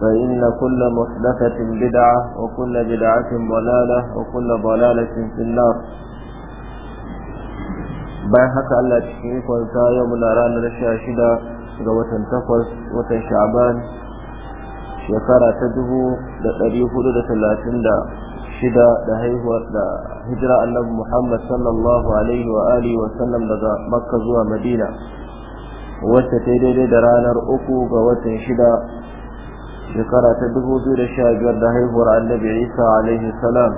فإن كل محدثة بدعة وكل بدعة ضلالة وكل ضلالة في النار bayan haka Allah cikin ikonsa yau ranar sha shida ga watan takwas watan sha'aban shekara ta dubu da ɗari hudu da talatin da shida da haihuwar da hijira annabi Muhammad sallallahu alaihi wa wa sallam daga Makka zuwa Madina wacce ta daidai da ranar uku ga watan shida shekara ta dubu biyu da sha biyar da haihuwar annabi isa alaihi salam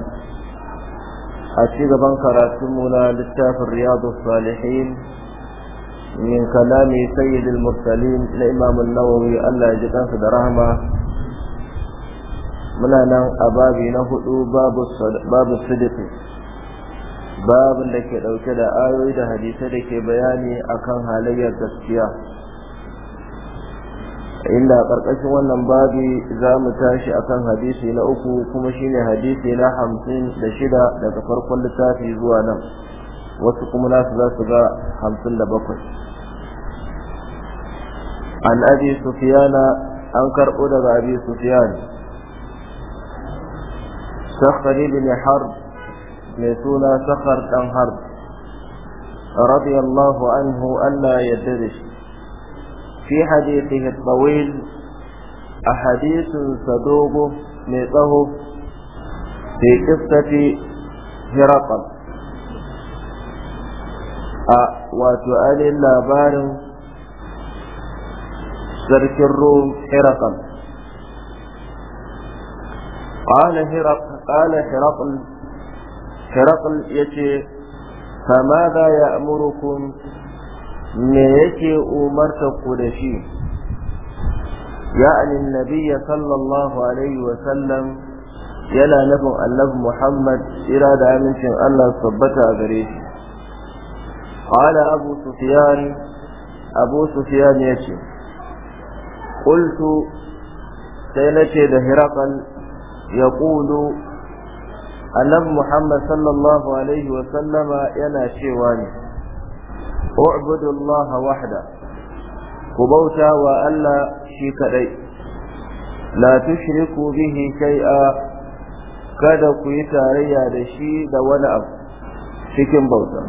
a ci gaban karatunmu na littafin riyadu salihin min kalami sayyidil mursalin na imamun nawawi allah ya ji kansa da rahama muna nan a babi na hudu babu sidiki babin da ke dauke da ayoyi da hadisai da ke bayani akan halayyar gaskiya inda a ƙarƙashin wannan babi za mu tashi akan hadisi na uku kuma shine hadisi na hamsin da shida daga farkon littafi zuwa nan wasu kuma nasu za su ga hamsin da bakwai an abi sufiyana an karɓo daga abi sufiyana sakhari bin harb mai suna sakhar ɗan harb radiyallahu anhu allah ya dare shi في حديثه الطويل أحاديث صدوق نيطه في قصة هرقل وتؤل لابار سرك الروم هرقل قال هرقل قال هرقل هرقل يتي فماذا يأمركم me yake umarta ku da shi ya'ani nabiyya sallallahu alaihi wa sallam yana nufin annabi Muhammad ira da amincin Allah tabbata a gare shi ya ce. سفيان sai سفيان يشي قلت سينتي ya يقول annabi Muhammad sallallahu alaihi wa sallama yana cewa ne اعبدوا الله وحده كبوتا وألا شيك لي لا تشركوا به شيئا kada ku yi tarayya da shi da wani abu cikin bauta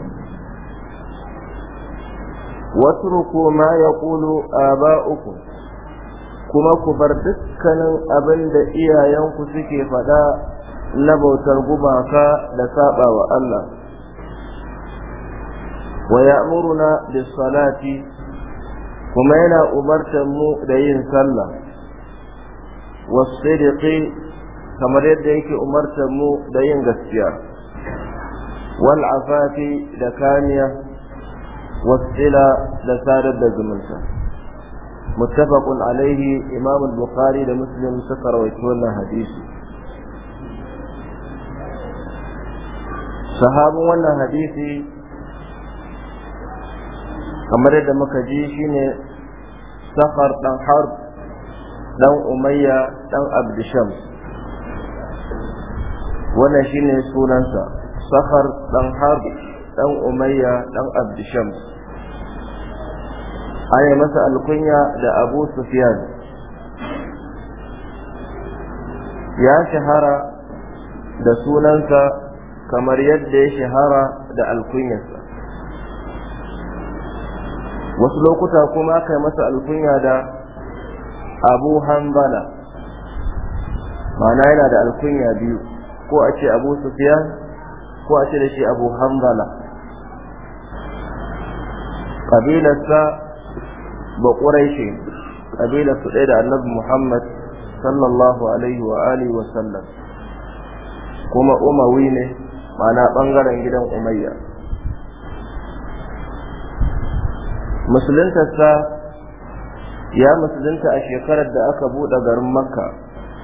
ya ma yaqulu uku, kuma ku bar dukkanin abinda iyayenku suke faɗa na bautar gumaka da saba wa Allah ويأمرنا بالصلاة كما ينا أمرت مؤدين صلى والصدق كما يديك أمرت مؤدين قسيا والعفاة لكانية والصلة لسارة دزمنسا متفق عليه إمام البخاري لمسلم سكر ويتولى حديثه sahabin wannan hadisi kamar yadda muka ji shine safar dan harb dan umayya dan abdisham wannan shine sunansa safar dan harb dan umayya dan abdisham an masa alkunya da abu sufyan ya shahara da sunansa kamar yadda ya shahara da alkunyarsa wasu lokuta kuma aka yi masa alkunya da abu hanbala ma'ana yana da alkunya biyu ko a ce abu sufiyan ko a ce da shi abu hanbala ƙabilarsa ba ƙuraishe su ɗaya da annabi muhammad sallallahu alaihi wa alihi wa sallam kuma umawi ne ma'ana ɓangaren gidan umayya musuluntarsa ya musulunta a shekarar da aka buɗe garin makka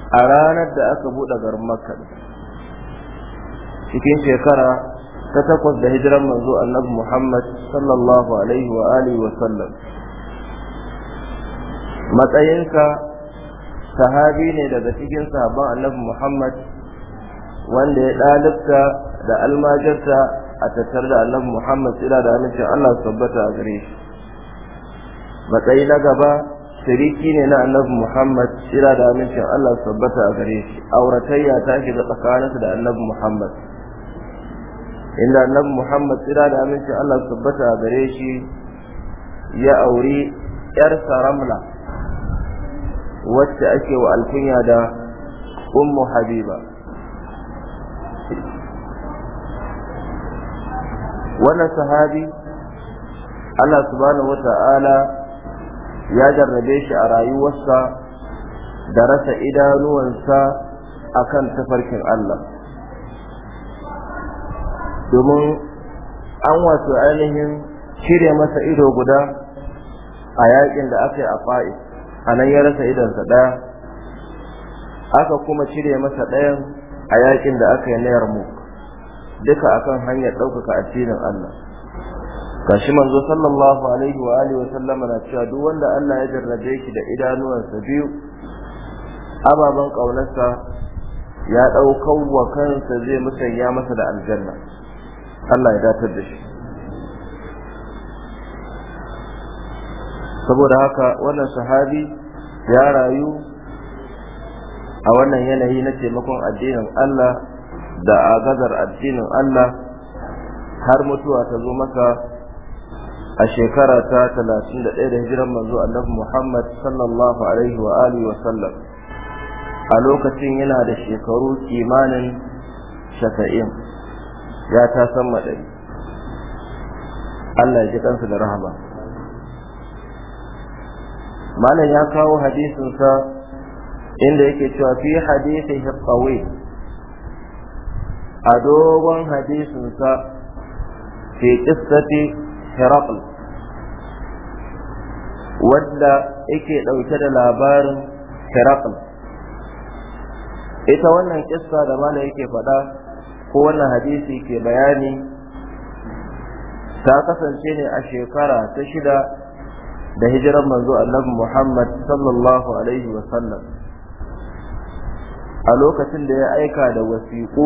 a ranar da aka buɗe garin makka cikin shekara ta takwas da hijiran manzo annabi muhammad sallallahu alaihi wa alihi wasallam. matsayinka sahabi ne daga cikin sahabban annabi muhammad wanda ya ɗalibta da almajarta a tattar da annabi muhammad tsira da amincin allah tabbata a gare shi matsayi na gaba siriki ne na annabi Muhammad shira da amincin Allah su tabbata a gare shi auratayya ta shiga tsakaninsa da annabi Muhammad inda annabi Muhammad shira da amincin Allah su tabbata a gare shi ya auri yar saramla wacce ake wa alkunya da ummu habiba wannan sahabi Allah subhanahu wata'ala ya jarrabe shi a rayuwarsa da rasa idanuwansa a kan tafarkin Allah domin an wato ainihin cire masa ido guda a yakin da aka yi a fa'i a nan ya rasa idonsa ɗaya aka kuma cire masa ɗayan a yakin da aka yi na yarmu duka akan hanyar ɗaukaka addinin Allah kashi manzo sallallahu alaihi wa alihi wa sallama na cewa duk wanda Allah ya jarrabe shi da idanuwansa biyu ababan kaunarsa ya ɗaukar wa kansa zai musanya masa da aljanna Allah ya datar da shi saboda haka wannan sahabi ya rayu a wannan yanayi na taimakon addinin Allah da agazar addinin Allah har mutuwa ta zo maka a shekara ta talatin da ɗaya da hijiran manzo annabi Muhammad sallallahu alaihi wa alihi wa sallam a lokacin yana da shekaru kimanin shafa'in ya ta san maɗari Allah ya ji kansa da rahama malam ya kawo hadisinsa inda yake cewa fi hadisi hiqawi a dogon hadisinsa fi qissati herakl wadda yake ɗauke da labarin herakl ita wannan kissa da mala yake faɗa ko wannan hadisi ke bayani ta kasance ne a shekara ta shida da hijiran manzo annabi Muhammad sallallahu alaihi wa sallam a lokacin da ya aika da wasiƙu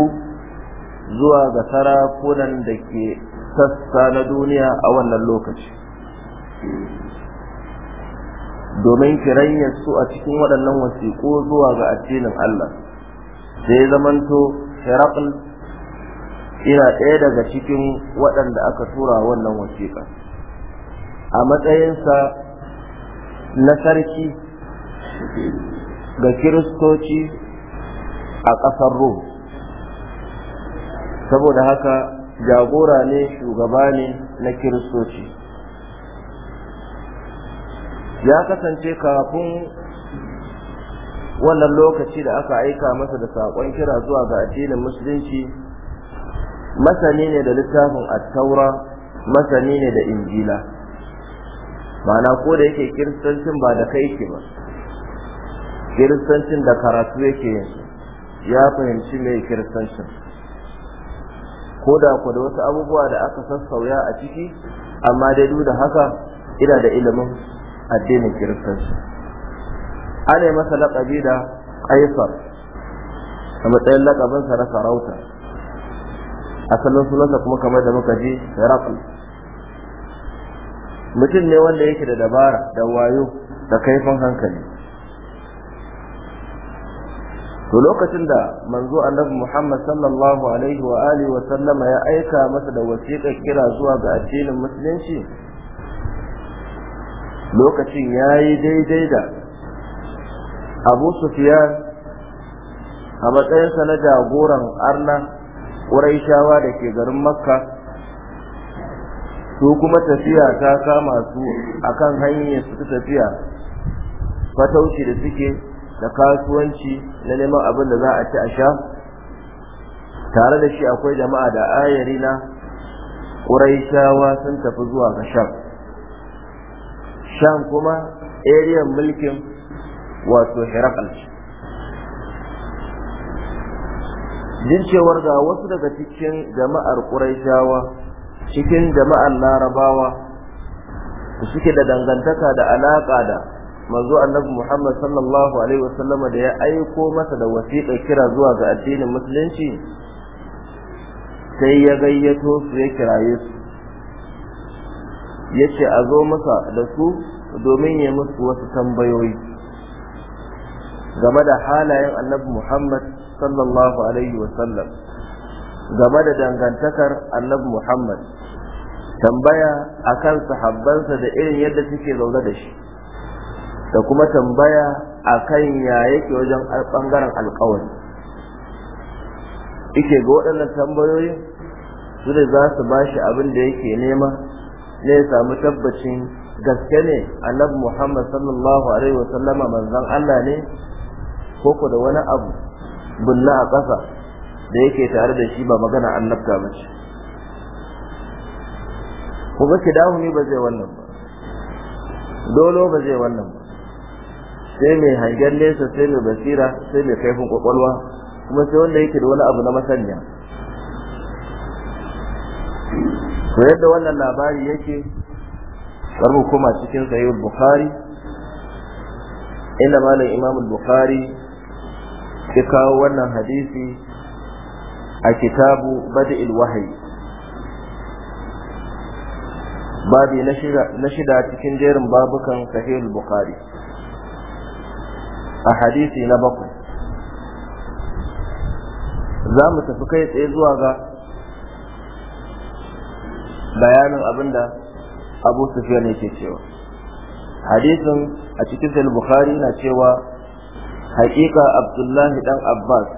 zuwa ga sarakunan da ke sassa na duniya a wannan lokaci domin kirayyar su a cikin waɗannan wasiƙo zuwa ga addinin Allah sai zamanto Herakl ina ɗaya daga cikin waɗanda aka tura wannan wasiƙa a matsayinsa na sarki ga kiristoci a ƙasar Rum saboda haka jagora ne shugaba ne na kiristoci ya kasance kafin wannan lokaci da aka aika masa da sakon kira zuwa ga addinin musulunci masani ne da littafin attaura masani ne da injila ma'ana ko da yake kiristancin ba da kai ba kiristancin da karatu yake ya fahimci mai kiristancin ko da ku da wasu abubuwa da aka sassauya a ciki amma dai duk da haka ina da ilimin addinin kiristanci ana masa laƙabi da kaisar a matsayin laƙabinsa na sarauta asalin sunansa kuma kamar da muka ji herakl mutum ne wanda yake da dabara da wayo da kaifin hankali to lokacin da manzo annabi Muhammad sallallahu alaihi wa alihi wa sallama ya aika masa da wasiƙa kira zuwa ga addinin musulunci lokacin yayi daidai da Abu Sufyan a matsayinsa na jagoran arna Quraishawa da ke garin Makka su kuma tafiya ta kama su akan hanyar su tafiya fatauci da suke da kasuwanci na neman abin da za a ci a sha tare da shi akwai jama'a da ayari na ƙuraishawa sun tafi zuwa ga sham sham kuma ariyan mulkin wato herakal jin cewar ga wasu daga cikin jama'ar ƙuraishawa cikin jama'ar larabawa suke da dangantaka da alaƙa da manzo annabi Muhammad sallallahu alaihi wasallama da ya aiko masa da wasiƙa kira zuwa ga addinin musulunci sai ya gayyato su ya kiraye su yace a zo masa da su domin ya musu wasu tambayoyi game da halayen annabi Muhammad sallallahu alaihi wasallam game da dangantakar annabi Muhammad tambaya a kan sahabbansa da irin yadda suke zaune da shi da kuma tambaya a kan ya yake wajen ɓangaren alkawari ike ga waɗannan tambayoyi su ne za su ba shi abin da yake nema ne ya samu tabbacin gaske ne annabi muhammad sallallahu alaihi wa sallama, manzan allah ne ku da wani abu bulla a ƙasa da yake tare da shi ba magana annabta ba ce kuma kidahu ne ba zai wannan ba dolo ba zai wannan ba sai mai hangen nesa sai mai basira sai mai kaifin kwakwalwa kuma sai wanda yake da wani abu na masanya to yadda wannan labari yake karbu kuma cikin sahihul bukhari inda malam imam bukhari ya kawo wannan hadisi a kitabu bada'il wahayi babi na shida cikin jerin babukan sahihul bukhari a hadisi na bakwai za mu tafi kai tsaye zuwa ga bayanin abinda abu sufiyan yake cewa hadisin a cikin bukhari na cewa haƙiƙa abdullahi dan abbas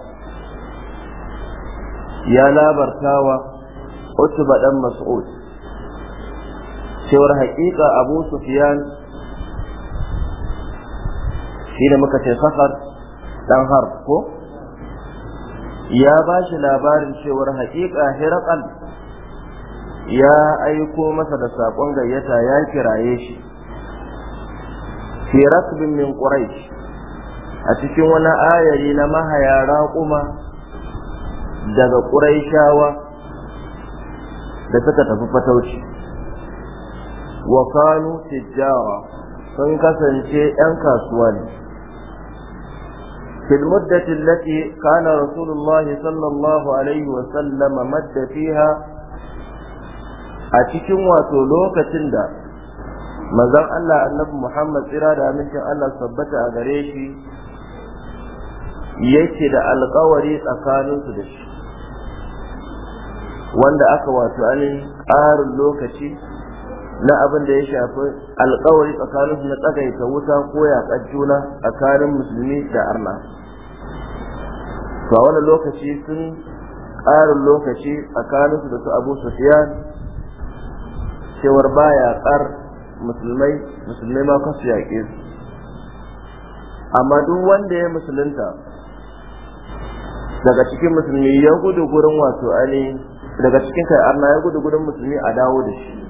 ya labartawa utuba dan mas'ud cewar haƙiƙa abu sufiyan shi da muka ce safar dan harb ko ya ba shi labarin cewar haƙiƙa hirakal ya aiko masa da sakon gayyata ya kiraye shi fi rakbin min quraish a cikin wani ayari na mahaya raƙuma daga quraishawa da suka tafi fatauci wa kanu tijjara sun kasance 'yan kasuwa ne في المدة التي كان رسول الله صلى الله عليه وسلم مد فيها أتكم وتلوكة دا مزان الله النبي محمد إرادة من شاء الله ثبت أغريشي yake da alkawari tsakaninsu da shi wanda aka wato anin ƙarin lokaci na abin da ya shafi alkawari tsakanin su na tsagaita wuta ko yaƙar juna tsakanin musulmi da arna to a wani lokaci sun ƙarin lokaci tsakanin su da su abu fiya cewar baya ƙar musulmai musulmai ma kasu yaƙe su amma duk wanda ya musulunta daga cikin musulmi ya gudu gurin wato ani daga cikin kai arna ya gudu gurin musulmi a dawo da shi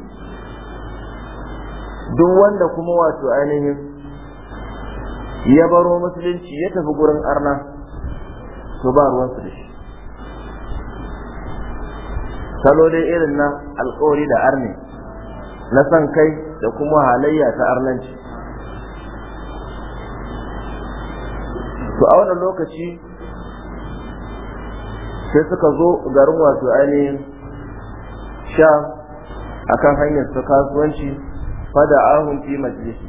duk wanda kuma wato ainihin ya baro musulunci ya tafi gurin arna to ba ruwansu da shi salo dai irin na alkawari da arne na san kai da kuma halayya ta arnanci to a wannan lokaci sai suka zo garin wato ainihin sha akan hanyar su kasuwanci fada'ahum fi majlisi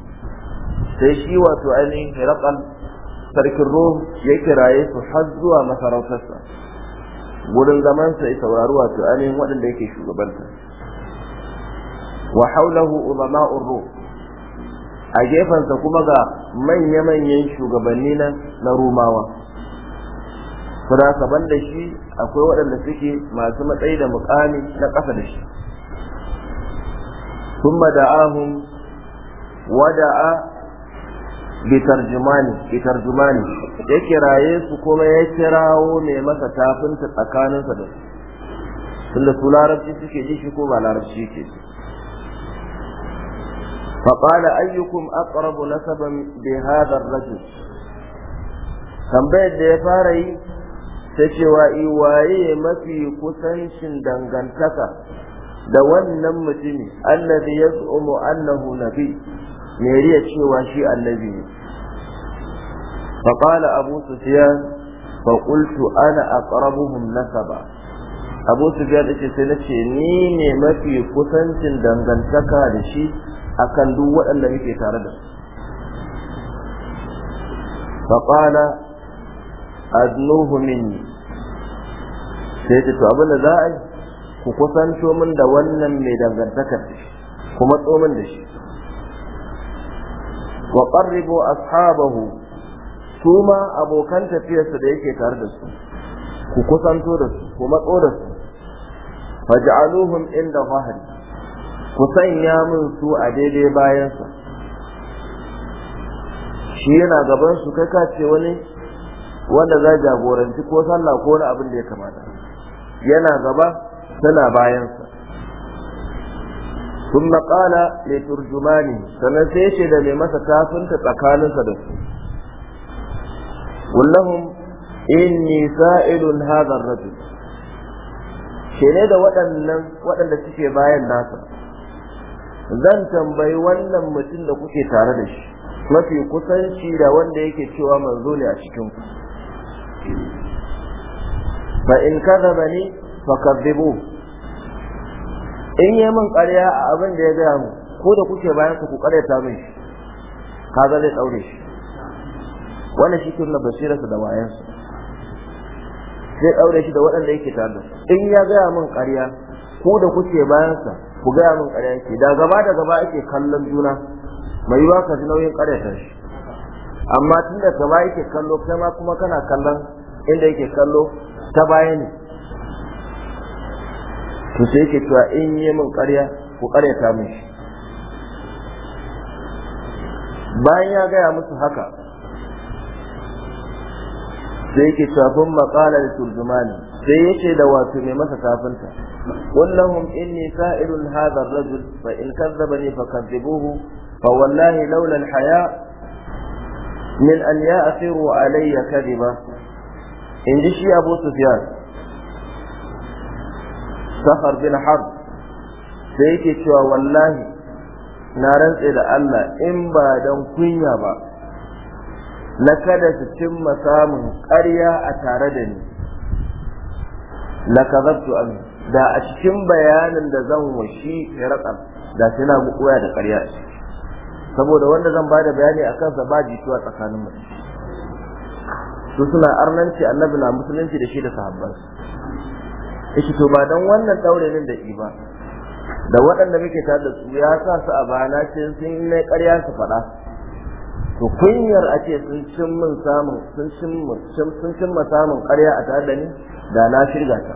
sai shi wato ainihin hiraqal sarkin ruh ya kiraye su har zuwa masarautarsa wurin zamansa ya saurari wato ainihin waɗanda yake shugabanta wa haulahu ulama'ur ruh a gefensa kuma ga manya-manyan shugabanni na rumawa da banda shi akwai waɗanda suke masu matsayi da mukami na ƙasa da shi ثم دعاهم ودعا bitarjumani bitarjumani ya kiraye su kuma ya kirawo mai masa tafinta tsakaninsa da su tunda su larabci suke ji shi ko larabci ke ji faƙala ayyukum aqrabu nasaban bi hadha ar tambayar da ya fara yi ta cewa i waye mafi kusancin dangantaka da wannan mutumi ya yaz'umu annahu nabi me riya cewa shi annabi ne fa qala abu sufyan fa qultu ana aqrabuhum nasaba abu sufyan yace sai nace ni ne mafi kusancin dangantaka da shi akan duk waɗanda muke tare da su fa qala adnuhu minni sai ce to abin da za a yi ku kusanto min da wannan mai dangantakar da shi kuma tsomin da shi wa qarribu ashabahu su ma abokan tafiyarsa da yake tare da su ku kusanto da su ku matso da su faj'aluhum inda zahri ku sanya min su a daidai bayansa shi yana gaban su kai ka ce wani wanda za jagoranci ko sallah ko wani abin da ya kamata yana gaba tana bayansa ثم mai turjumani sannan sai ce da mai masa kafinta tsakaninsa da su kullahum inni sa'ilun hadha ar ke ne da waɗannan waɗanda suke bayan nasa zan tambayi wannan mutum da kuke tare da shi mafi kusanci da wanda yake cewa manzo ne a cikin ku fa in kadhaba ni fakadhibuhu in yi min ƙarya a abin da ya gaya mu ko da kuke bayan ku ku ta min shi kaga zai ɗaure shi wannan shi kirna basirarsa da wayansa zai ɗaure shi da waɗanda yake tare da in ya gaya min ƙarya ko da kuke bayansa ku gaya min ƙarya yake da gaba da gaba ake kallon juna mai yiwa ka ji nauyin ta shi amma tun da gaba yake kallo kai ma kuma kana kallon inda yake kallo ta baya ne to sai yake cewa in yi min ƙarya ku ƙaryata min shi bayan ya gaya musu haka sai yake cewa kun maƙala da turjumani sai yake da wato mai masa kafinta kullahum in ni, hadha Hadar rajul fa in kadzabani ni fa wallahi laula al-haya min an ya'thiru alayya kadhiba in ji shi Abu Sufyan sakar bin har sai yake cewa wallahi na rantse da Allah in ba dan kunya ba na kada su cimma samun ƙarya a tare da ni la kadabtu an da a cikin bayanin da zan washi ya da sai na goya da ƙarya saboda wanda zan bada bayani a kansa ba jituwa tsakanin mu su suna arnanci annabi na musulunci da shi da sahabbansa yake to ba dan wannan daure nan da i ba da waɗanda muke tare da su ya sa su a bana ce sun yi mai ƙarya su faɗa to kunyar a ce sun cin min samun sun cin sun cin samun ƙarya a tare da ni da na shirga ta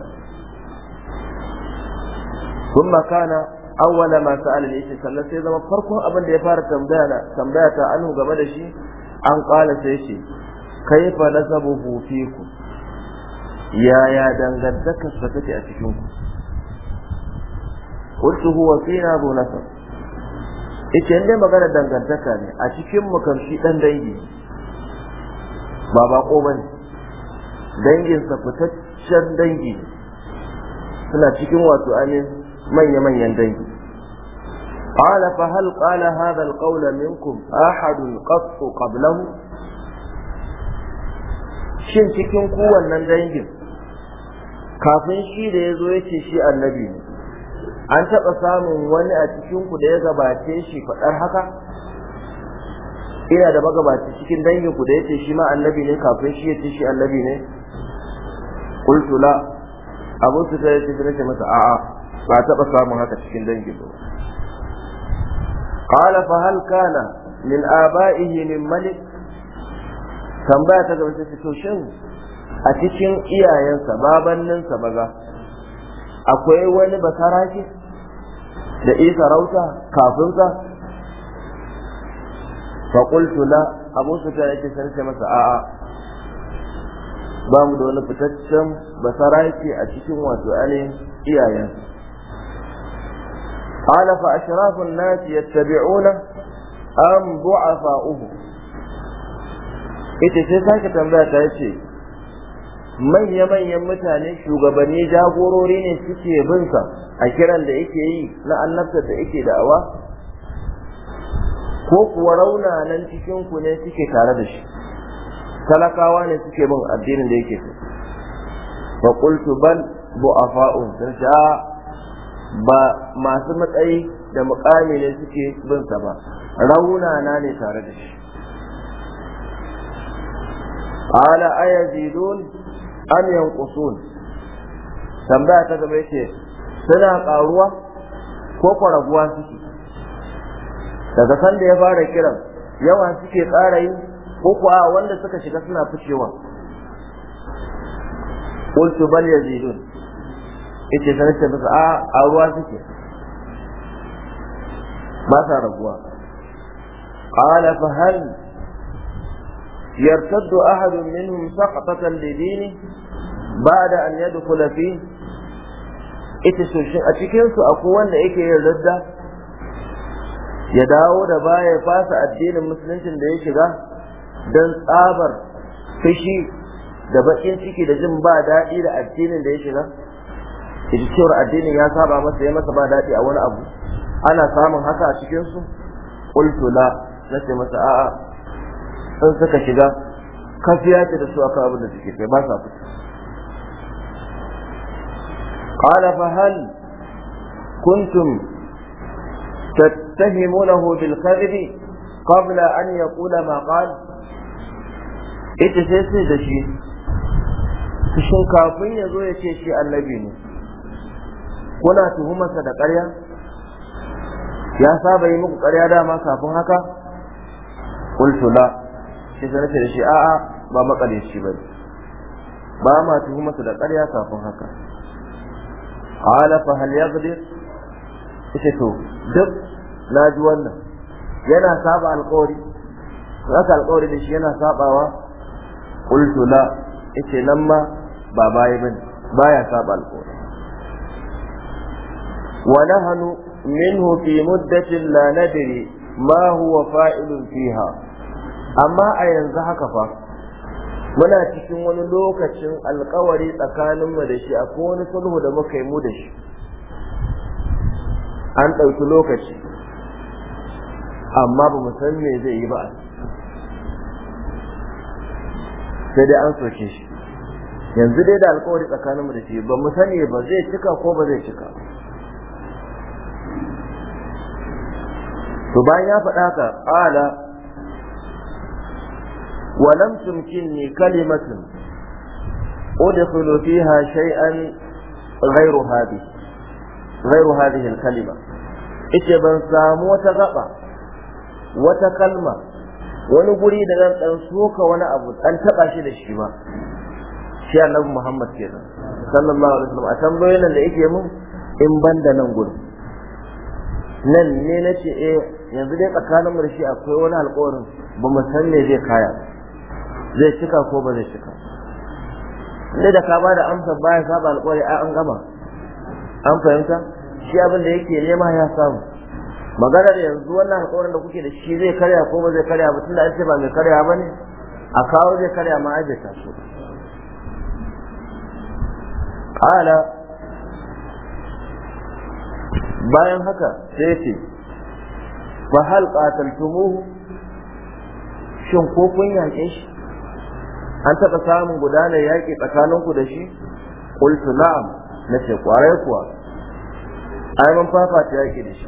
Kun makana awwala ma sa'ala ne yace sai zama farkon abin da ya fara tambaya na tambaya ta anu game da shi an kwala sai shi kaifa nasabuhu fikum yaya dangantakarsa take a cikin ku qultu huwa fina bu nasab ita inda magana dangantaka ne a cikin mu kan shi dan dangi ba bako bane danginsa fitaccen dangi suna cikin wato ainihin manya-manyan dangi قال فهل قال هذا القول منكم أحد قط قبله shin cikin kowannen dangin kafin shi da ya zo ya ce shi annabi ne an taɓa samun wani a cikinku da ya gabace shi faɗar haka ina da magabaci cikin danginku da ya ce shi ma annabi ne kafin shi ya ce shi annabi ne qultu la abu su ta yace nake masa a'a ba taɓa samun haka cikin dangin ba qala fa hal kana min aba'ihi min malik tambaya ta gaba ce to shin a cikin iyayensa babanninsa maza akwai wani basaraki da isa rauta kafinsa faƙultu na abu su ta yake sarce masa a'a ba mu da wani fitaccen basaraki a cikin wato ainihin iyayensa قال فأشراف الناس an أم ضعفاؤه ita sai sake tambaya ta ce manya-manyan mutane shugabanni jagorori ne suke binsa a kiran da yake yi na annabtar da yake da'awa ko kuwa raunanan cikinku ne suke tare da shi talakawa ne suke bin addinin da yake so fa qultu bal bu'afa'un sun sha ba masu matsayi da mukami ne suke bin sa ba raunana ne tare da shi ala ayazidun am yanqusun tambaya ta gaba yace suna karuwa ko kwaraguwa suke daga san da ya fara kiran yawa suke ƙara yi ko kuwa wanda suka shiga suna ficewa qultu bal yazidun yace sai ta a a ruwa suke ba sa raguwa qala fa hal يرتد أحد منهم سقطة لدينه بعد أن يدخل فيه ita shin a cikinsu akwai wanda yake yin radda ya dawo da baya fasa addinin musuluncin da ya shiga don tsabar fushi da bakin ciki da jin ba daɗi da addinin da ya shiga ita cewar addinin ya saba masa ya masa ba daɗi a wani abu ana samun haka a cikinsu ƙultula na ce masa a'a sun suka shiga kafiya ce da su aka abin da suke kai ba sa fita qala fa hal kuntum tattahimunahu bil kadhib qabla an yaqula ma qala ita sai sai da shi shin kafin ya zo ya ce shi annabi ne kuna tuhumarsa da ƙarya ya saba yi muku ƙarya dama kafin haka qultu sai sai nace da shi a'a ba makareci ba ba ma tuhumarsa da ƙarya kafin haka ala fa hal yaghdir ita to duk na ji wannan yana saba alƙawari zaka alƙawari da shi yana sabawa qultu la ita nan ma ba bai ba baya saba alƙawari wa nahanu minhu fi muddatin la nadri ma huwa fa'ilun fiha amma a yanzu haka fa muna cikin wani lokacin alkawari tsakaninmu da shi akwai wani sulhu da muka yi mu da shi an ɗauki lokaci amma ba mu san me zai yi ba sai dai an soke shi yanzu dai da alkawari tsakaninmu da shi ba mu sani ba zai cika ko ba zai cika to bayan ya faɗa haka ƙala ولم تمكنني كلمة أدخل فيها شيئا غير هذه غير هذه الكلمة ita ban samu wata gaba wata kalma wani guri da zan dan soka wani abu an taba shi da shi ba shi annabi Muhammad kenan sallallahu alaihi wasallam a tambayoyin da yake mun in banda nan gurin nan ne nace e, yanzu dai tsakanin mu da shi akwai wani alƙawarin ba mu san me zai kaya zai cika ko ba zai cika inda da ka bada amsa baya saba alƙawari a an gama an fahimta shi abin da yake nema ya samu da yanzu wannan alƙawarin da kuke da shi zai karya ko ba zai karya ba tunda an ce ba mai karya ba ne a kawo zai karya ma aje ta so ala bayan haka sai ce fa hal qataltumuhu shin ko kun yanke shi an taɓa samun gudanar yaƙi tsakaninku da shi qultu na'am nace ƙwarai kuwa ai mun fafata yaƙi da shi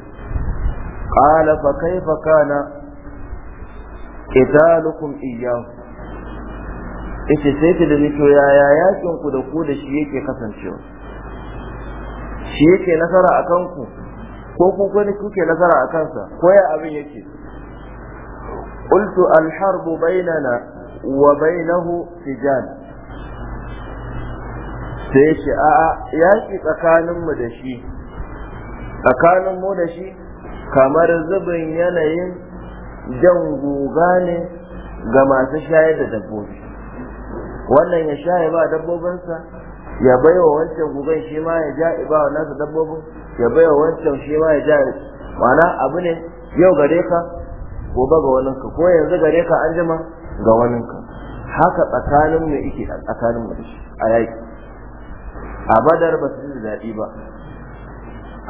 qala fa kaifa kana qitalukum iyyahu yace sai ki da to yaya yakin ku da ku da shi yake kasancewa shi yake nasara a ku ko ku ne kuke nasara a kansa ko ya abin yake qultu al harbu وبينه حجاب sai ya ce a'a yaƙi tsakaninmu da shi tsakaninmu da shi kamar zubin yanayin jan guga ne ga masu shayar da dabbobi wannan ya shaye ba dabbobinsa ya bai wa wancan gugan shi ma ya ja ba, wa nasa dabbobin ya bai wa wancan shi ya ja ma'ana abu ne yau gare ka gobe ga waninka ko yanzu gare ka an jima ga waninka haka tsakanin mai ike a tsakanin shi a yaki a badar ba su ji daɗi ba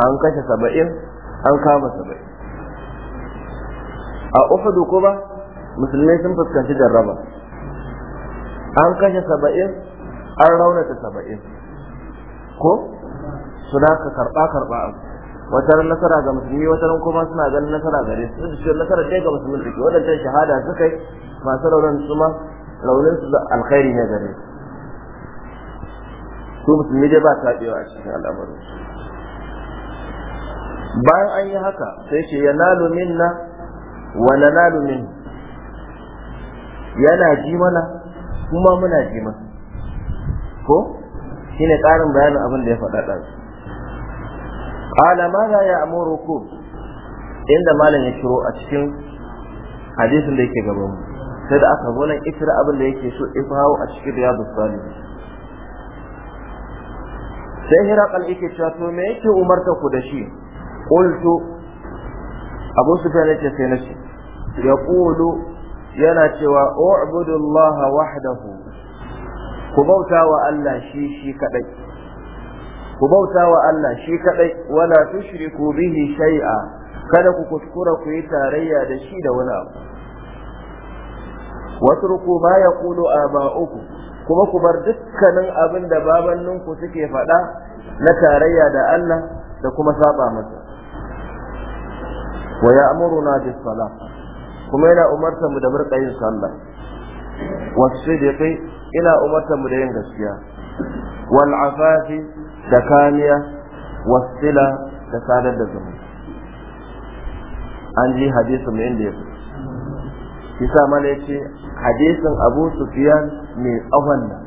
an kashe saba'in an kama saba'in a uhudu kuma musulmai sun fuskanci jarraba an kashe saba'in an raunata saba'in ko suna ka karɓa karɓa abu wata ran nasara ga musulmi wata ran kuma suna ganin nasara gare su su ce nasara dai ga musulmi take dai shahada suka yi masu raunin su ma raunin su alkhairi ne gare su musulmi dai ba ta biyo a cikin al'amarin bayan an yi haka sai ce nalu minna wa nalu min yana ji mana kuma muna ji masa ko shine ƙarin bayanin abin da ya faɗa ɗansu qala ma la ya'murukum inda malam ya shiro a cikin hadisin da yake gaban mu sai da aka zo nan ikra abin da yake so ifawo a cikin riyadus salihin sai hira kan yake cewa to me yake umarta ku da shi qultu abu sufyan yake sai na shi yaqulu yana cewa u'budu allaha wahdahu ku bauta wa Allah shi shi kadai ku bauta wa Allah shi kadai wala tushriku bihi shay'a kada ku kuskura ku yi tarayya da shi da wani abu watruku ma yaqulu aba'uku kuma ku bar dukkanin abin da babanninku suke faɗa na tarayya da Allah da kuma saba masa wa ya'muruna bis salah kuma yana umarta mu da murƙa yin sallah wasu ina umarta mu da yin gaskiya wal afafi da kariya wasila da sadar da zumunci an ji mai inda ya fi kisa mana ya ce hadisin abu sufiyan mai tsawon nan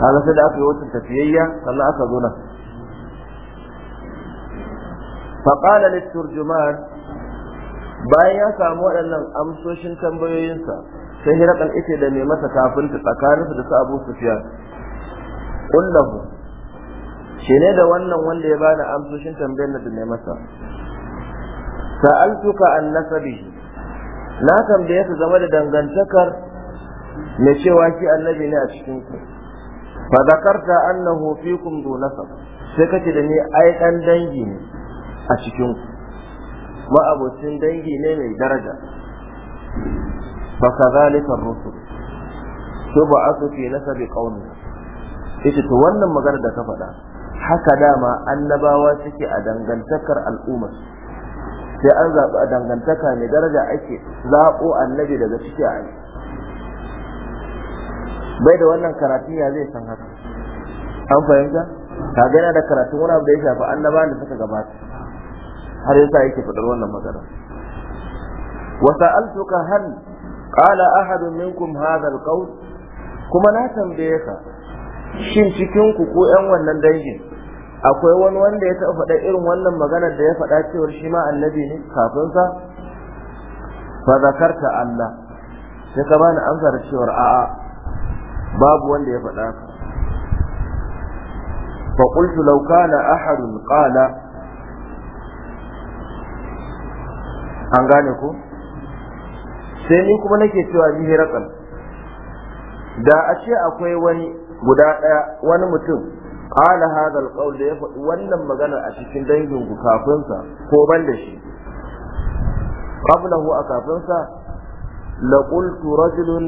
kaga sai da aka yi wata tafiyayya sannan aka zo nan faƙala juma'ar bayan ya samu waɗannan amsoshin tambayoyinsa sai hirakal ita da mai masa ta tsakaninsu da su abu sufiyan kullahu shi ne da wannan wanda ya bada amsoshin tambayar da ne masa sa'altuka an nasabihi na tambaye su zama da dangantakar mai cewa shi annabi ne a cikin ku fa zakarta annahu fikum du nasab sai kace da ni ai dan dangi ne a cikin ku ma'abocin dangi ne mai daraja fa kadhalika ar-rusul tubu asu fi nasabi qaumi ita to wannan magana da ka faɗa haka dama annabawa suke a dangantakar al'umma sai an zaɓi a dangantaka mai daraja ake zaɓo annabi daga ciki a aiki bai da wannan karatun ya zai san haka an fahimta kaga yana da karatun wani abu da ya shafi annabawan da suka gabata har yasa yake faɗar wannan magana وسألتك هل قال أحد منكم هذا Kuma na tambaye ka. shin cikin ku ko yan wannan dangin akwai wani wanda ya taɓa faɗa irin wannan maganar da ya faɗa cewar shi ma annabi ne kafin sa fa zakarta Allah sai ka bani amsar cewar a'a babu wanda ya faɗa fa qultu law kana ahadun qala an gane ko sai ni kuma nake cewa bihirakan da a ce akwai wani guda ɗaya wani mutum qala hada alqawl da ya faɗi wannan magana a cikin dangin ku kafinsa ko ban da shi qablahu a kafinsa la qultu rajulun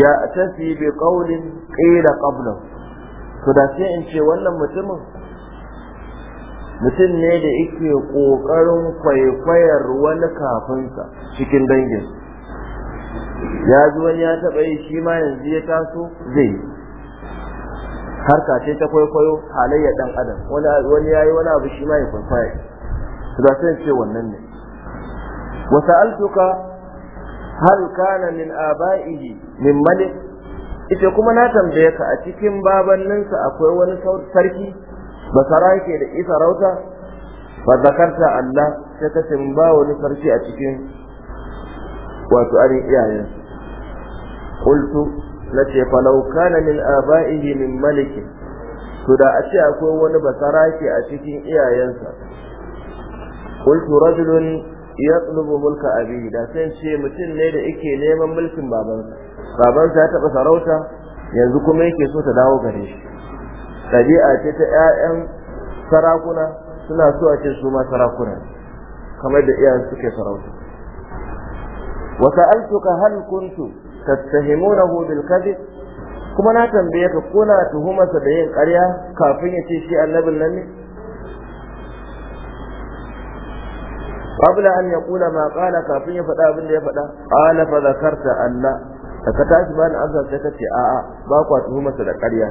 ya'tasi bi qawlin qila qabla to da sai in ce wannan mutumin mutum ne da yake ƙoƙarin kwaikwayar wani kafinsa cikin dangin ya zo wani ya taɓa yi shi ma yanzu ya taso zai harka ce ta kwaikwayo halayyar ɗan adam wani ya yi wani abu shi ma ya kwaikwaya su da sai ce wannan ne wasu altuka hal kana min aba'ihi min malik ita kuma na tambaye ka a cikin babanninsa akwai wani sarki basara yake da isa rauta ba zakarta Allah sai ka ba wani sarki a cikin wato arin iyayensa qultu nace falau kana min aba'ihi min malikin to da a ce akwai wani saraki a cikin iyayensa qultu rajulun yatlubu mulka abihi da sai ce mutum ne da yake neman mulkin babansa babansa ya taba sarauta yanzu kuma yake so ta dawo gare shi ce ta 'ya'yan sarakuna suna so a ce suma sarakuna kamar da iyayen suke sarauta wa sa'altuka hal kuntu tattahimunahu bil kadhib kuma na tambaye ka kuna tuhumarsa da yin ƙarya kafin ya ce shi annabin nan ne qabla an yaqula ma qala kafin ya faɗa abin da ya faɗa qala fa zakarta anna da ka tashi bani amsa ka ce a'a ba kwa tuhumarsa da ƙarya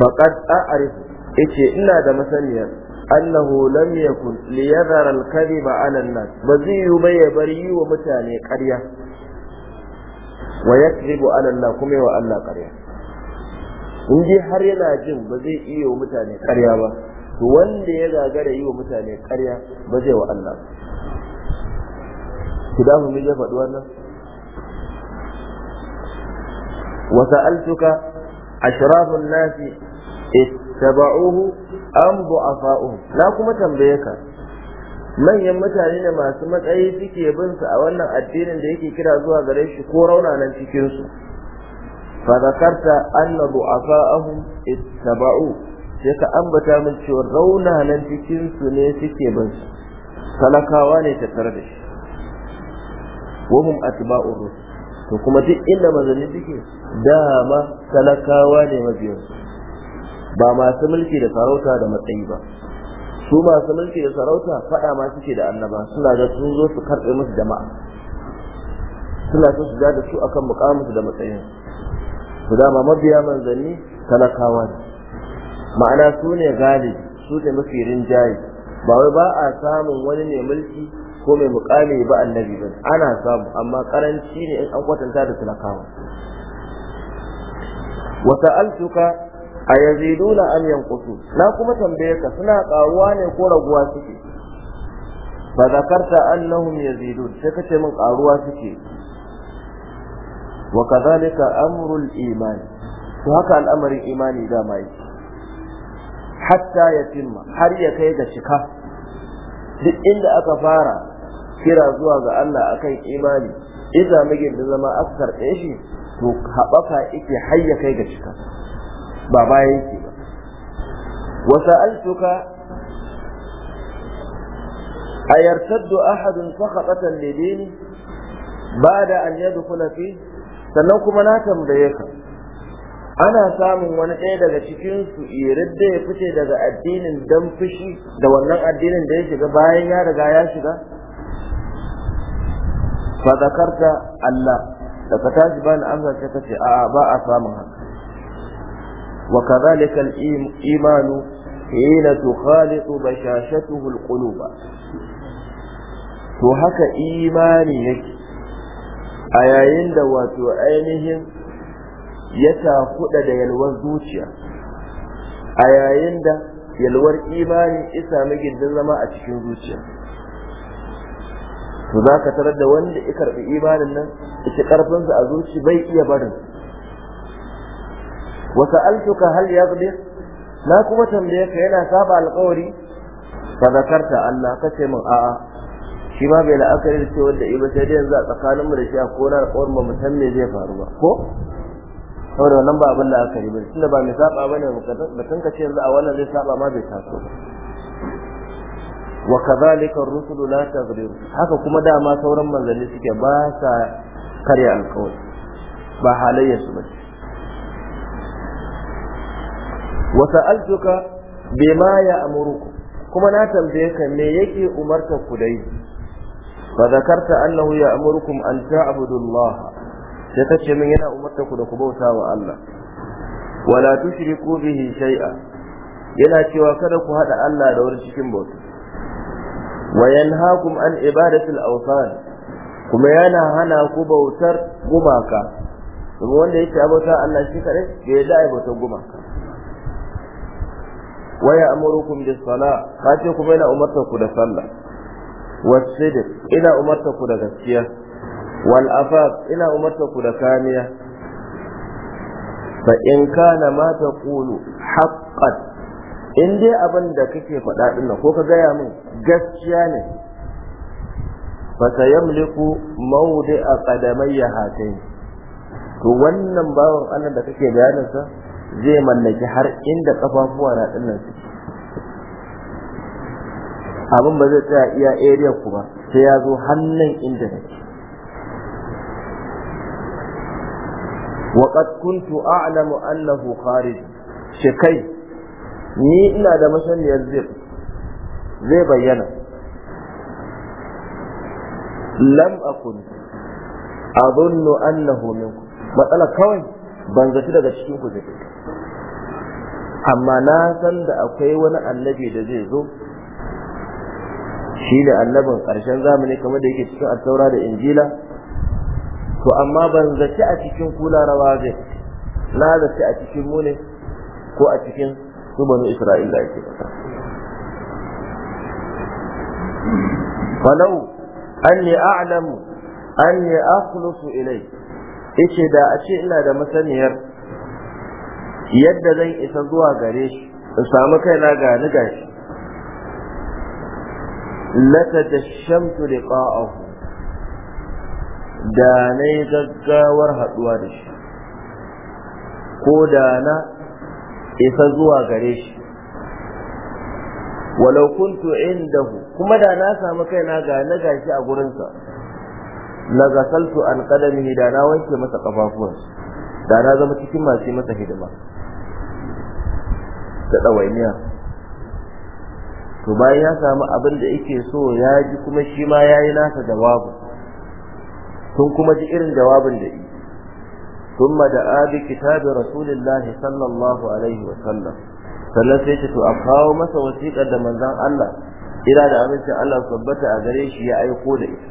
faqad a'rif yace ina da masaniyar annahu lam yakun liyadhara al-kadhiba 'ala an-nas ba zai yi ba mutane ƙarya wa yakdhibu 'ala Allah kuma wa Allah ƙarya in ji har yana jin ba zai iya wa mutane ƙarya ba wanda ya gagara yi wa mutane ba zai faɗi wannan ashrafun nasi ittaba'uhu an bu'afa'uhum na kuma tambaye ka manyan mutane ne masu matsayi suke bin su a wannan addinin da yake kira zuwa gare shi ko raunanan cikin su fa zakarta anna du'afa'ahum ittaba'u sai ka ambata min cewa raunanan cikin su ne suke bin su talakawa ne ta da shi wahum atba'ur rusul to kuma duk inda manzanni suke dama talakawa ne mabiyansu ba masu mulki da sarauta da matsayi ba su masu mulki da sarauta faɗa ma suke da annaba suna da sun zo su karɓe musu jama'a suna so su da su akan mukamusu da matsayin su dama mabiya manzanni talakawa ne ma'ana su ne galibi su ne mafi rinjaye ba wai ba a samun wani ne mulki ko mai muƙami ba annabi ba ana samu amma karanci ne in an kwatanta da talakawa wa sa'altuka a na an yankusu na kuma tambaye ka suna karuwa ne ko raguwa suke fa zakarta annahum yazidun sai ka ce min karuwa suke wa zalika amurul imani to haka al'amarin imani da mai hatta cimma har ya kai ga shika duk inda aka fara kira zuwa ga Allah akan imani idan mugin da zama askar ɗaya shi to haɓaka ike har ya kai ga shika ba baya yake ba wa sa'altuka ayartaddu ahadin sakhatan lidini ba'da an yadkhula fi sannan kuma na tambaye ka ana samun wani ɗaya daga cikin su da ya fice daga addinin dan fushi da wannan addinin da ya shiga bayan ya riga ya shiga fa zakarta Allah da ka tashi bani amsa sai ka ce a'a ba a samun haka وكذلك الإيمان حين تخالط بشاشته القلوب وهك إيماني أيين دوات أينهم يتاخد دي الوزوشيا أيين دا yalwar imani isa magidan zama a cikin zuciya to za ka tarar da wanda ya karɓi imanin nan ita ƙarfinsa a zuci bai iya barin wa sa'altuka hal yaghdi na kuma tambaye ka yana saba alƙawari fa zakarta Allah kace min a'a shi ma bai la'akari da cewa da iba sai dai yanzu a tsakanin mu da shi a kona alƙawar ba mu san zai faru ba ko saboda nan ba abin la'akari ba tunda ba mai saba bane batun ka ce yanzu a wannan zai saba ma bai taso ba wa kadhalika ar-rusul la taghdir haka kuma dama sauran manzanni suke ba sa karya alƙawari ba halayyar su ba wa sa'altuka bima ya'murukum kuma na tambaye ka me yake umartar ku dai fa zakarta annahu ya'murukum an ta'budu Allah sai kace min yana umartar ku da ku bauta wa Allah wala tushriku bihi shay'a yana cewa kada ku haɗa Allah da wani cikin bauta wa yanhaakum an ibadati al-awthan kuma yana hana ku bautar gumaka kuma wanda yake abota Allah shi kaɗai, bai da bautar gumaka wa ya'murukum bis salah kace kuma ina umartar ku da sallah was sidq ina umartar ku da gaskiya wal afaq ina umartar ku da kamiya fa in kana ma taqulu haqqan in dai abin da kake faɗa din ko ka gaya min gaskiya ne fa sayamliku mawdi'a qadamayya hatayn to wannan bawan Allah da kake bayanin sa zai mallaki har inda kafafuwa na dinnan su abin ba zai tsaya iya area ku ba sai ya zo hannun inda nake kuntu al'amu annahu kharij shi kai. ni ina da masaniyar zai bayyana lam akun azunnu annahu minkum matsala kawai ban zaci daga cikin ku zai amma na san da akwai wani annabi da zai zo shi da annabin ƙarshen zamani kamar da yake cikin attaura da injila to amma ban zaci a cikin kularawa zai na zaci a cikin mu ne ko a cikin su banu isra'ila yake falau anni a'lamu anni akhlusu ilayka yace da a ce ina da masaniyar yadda zan isa zuwa gare shi in samu kaina ga ni gashi latajashamtu liqa'ahu da na yi gaggawar haɗuwa da shi ko da na isa zuwa gare shi walau kuntu indahu kuma da na samu kaina ga ni gashi a gurinsa la gasaltu an qadamihi da na wanke masa kafafuwansa da na zama cikin masu masa hidima ta dawainiya to bayan ya samu abin da yake so ya ji kuma shi ma yayi nasa jawabu sun kuma ji irin jawabin da yi ثم da بكتاب kitabi الله sallallahu alaihi wa sallam. sannan sai ce to a kawo masa wasiƙar da manzon Allah ina da amincin Allah tabbata a gare shi ya aiko da ita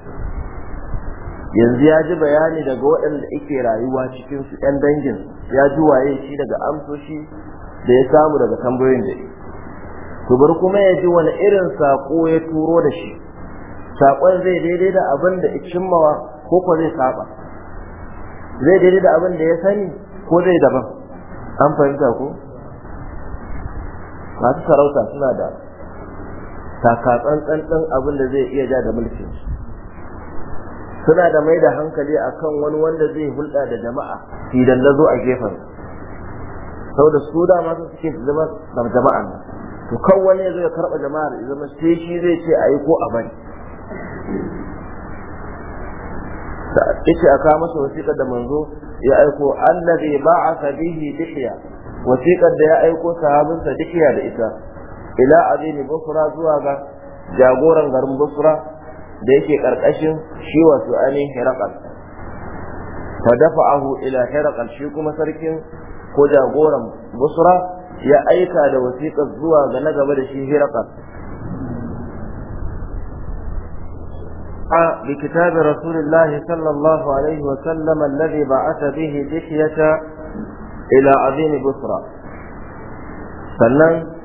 yanzu ya ji bayani daga waɗanda ake rayuwa cikin su ɗan dangin ya ji waye shi daga amsoshi da ya samu daga tambayoyin da shi to bar kuma ya ji wani irin saƙo ya turo da shi saƙon zai daidai da abin da cimmawa ko ko zai saba zai daidai da abin da ya sani ko zai daban an fahimta ko masu sarauta suna da takatsantsan abin da zai iya ja da mulkin suna da mai da hankali a kan wani wanda zai hulɗa da jama'a idan na zo a gefen Sau da su da masu suke zama da jama'a to kan wani zai karɓa jama'ar ya zama sai shi zai ce a yi ko a bari yace a kawo masa wasiƙar da manzo ya aiko allazi ba'atha bihi dihya wasiƙar da ya aiko sahabinsa dihya da ita ila azimi bafura zuwa ga jagoran garin bafura. da yake karkashin shi wasu ainihin hirakal fa dafa'ahu ila hirakal shi kuma sarkin ko jagoran busra ya aika da wasiƙar zuwa ga na gaba da shi hirakal بكتاب رسول الله صلى الله عليه وسلم الذي بعث به دحية ila عظيم Busra. sannan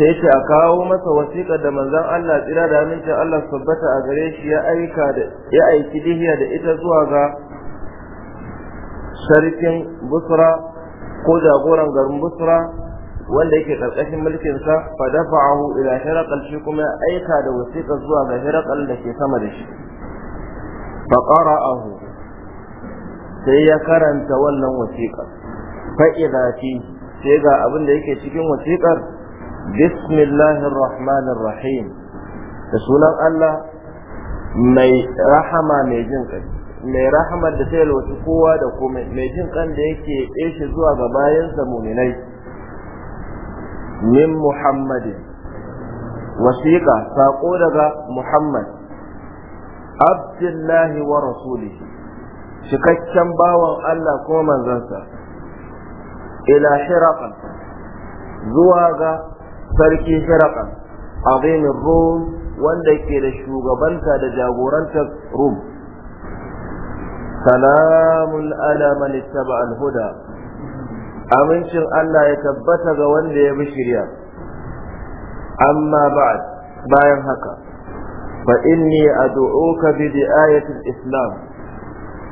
sai yace a kawo masa wasiƙa da manzon Allah tsira da amincin Allah tabbata a gare shi ya aika da ya aiki dihiya da ita zuwa ga sarkin Busra ko jagoran garin Busra wanda yake karkashin mulkin sa fa dafa'ahu ila Hiraqal shi kuma ya aika da wasiƙa zuwa ga Hiraqal da ke sama da shi fa qara'ahu sai ya karanta wannan wasiƙa fa idati sai ga abin da yake cikin wasiƙar bismillahir rahmanir rahim da sunan Allah mai rahama mai jin kai mai rahamar da ta kowa da kuma mai jin kan da yake eshe zuwa ga bayansa muminai min muhammadin wasiƙa saƙo daga muhammad abdullahi wa rasulihi cikakken bawan Allah ko manzansa ila shiraqan zuwa ga sarki shirakan azimin rum wanda ke da shugabanta da jagorantar rum salamun ala ittaba huda amincin Allah ya tabbata ga wanda ya bi shirya amma ba'd bayan haka fa inni ad'uka bi di'ayati islam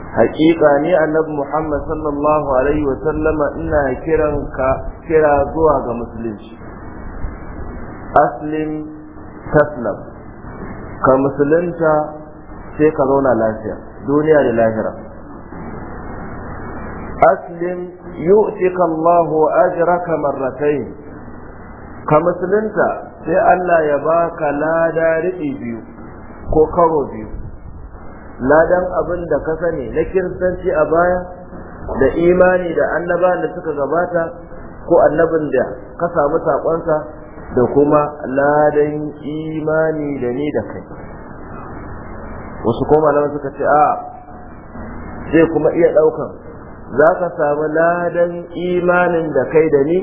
haƙiƙa ne annabi Muhammad sallallahu alaihi wa sallama ina kiranka kira zuwa ga musulunci aslim taslam ka musulunta sai ka zauna lafiya duniya da lahira aslim yu'tika Allahu ajraka marratayn ka musulunta sai Allah ya baka lada riɓi biyu ko karo biyu ladan abin da ka sani na kiristanci a baya da imani da annaba da suka gabata ko annabin da ka samu saƙonsa da kuma ladan imani da ni da kai wasu ko malaman suka ce a zai kuma iya ɗaukan za ka samu ladan imanin da kai da ni